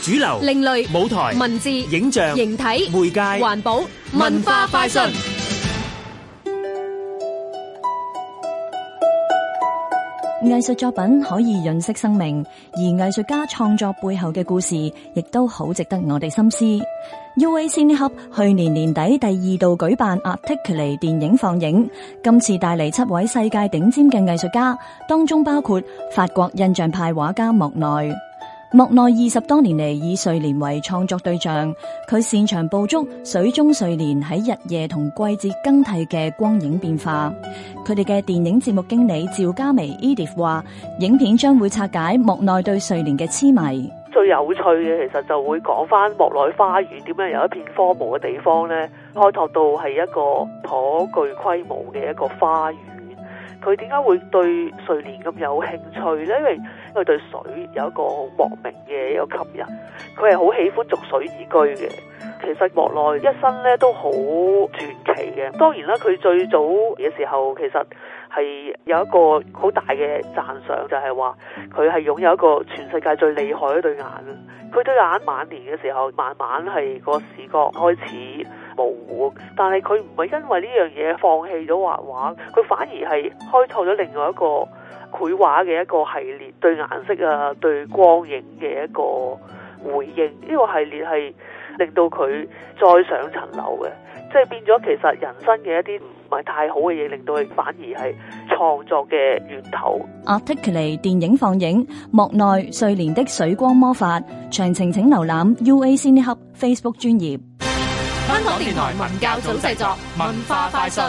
主流、另類舞台、文字、影像、形體、媒介、環保、文化、快訊。藝術作品可以潤色生命，而藝術家創作背後嘅故事，亦都好值得我哋深思。U A C Hub 去年年底第二度舉辦 Articly 電影放映，今次帶嚟七位世界頂尖嘅藝術家，當中包括法國印象派畫家莫奈。莫奈二十多年嚟以睡蓮為創作對象，佢擅長捕捉水中睡蓮喺日夜同季節更替嘅光影變化。佢哋嘅電影節目經理趙嘉薇 Edith 話，影片將會拆解莫奈對睡蓮嘅痴迷。最有趣嘅其實就會講翻莫奈花園點樣由一片荒蕪嘅地方呢，開拓到係一個頗具規模嘅一個花園。佢點解會對睡蓮咁有興趣呢？因為因為對水有一個好莫名嘅一個吸引，佢係好喜歡逐水而居嘅。其實莫奈一生咧都好傳奇嘅。當然啦，佢最早嘅時候其實係有一個好大嘅讚賞，就係話佢係擁有一個全世界最厲害嗰對眼。佢對眼晚年嘅時候，慢慢係個視覺開始。但係佢唔係因為呢樣嘢，放棄咗畫畫，佢反而係開拓咗另外一個繪畫嘅一個系列，對顏色啊，對光影嘅一個回應。呢、呢個系列係令到佢再上層樓嘅，即係變咗其實人生嘅一啲唔係太好嘅嘢，令到佢反而係創作嘅源頭。Articulate 電影放映，莫內《睡蓮》的水光魔法，詳情請瀏覽 UA Cine Hub Facebook 專頁。香港電台文教組製作，文化快訊。